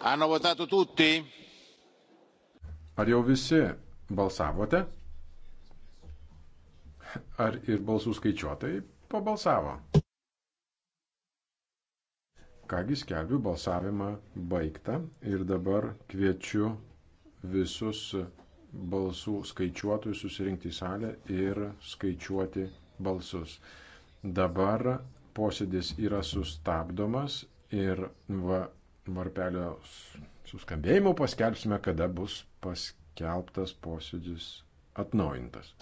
Hanno votato tutti? Ar jau visi balsavote? Ar ir balsų skaičiuotojai pabalsavo? Kągi skelbiu balsavimą baigtą ir dabar kviečiu visus balsų skaičiuotojus susirinkti į salę ir skaičiuoti balsus. Dabar posėdis yra sustabdomas ir va, varpelio suskambėjimo paskelbsime, kada bus paskelbtas posėdis atnaujintas.